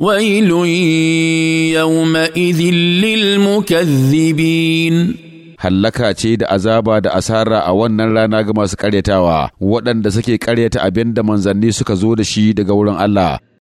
ويل يومئذ للمكذبين hallaka ce da azaba da asara a wannan rana ga masu karyatawa waɗanda suke karyata abin da manzanni suka zo da shi daga wurin Allah